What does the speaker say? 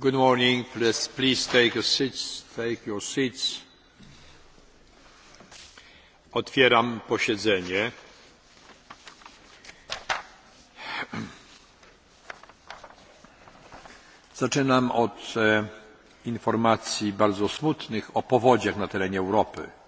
Good morning. Please, please take, your seats. take your seats. Otwieram posiedzenie. Zaczynam od e, informacji bardzo smutnych o powodziach na terenie Europy.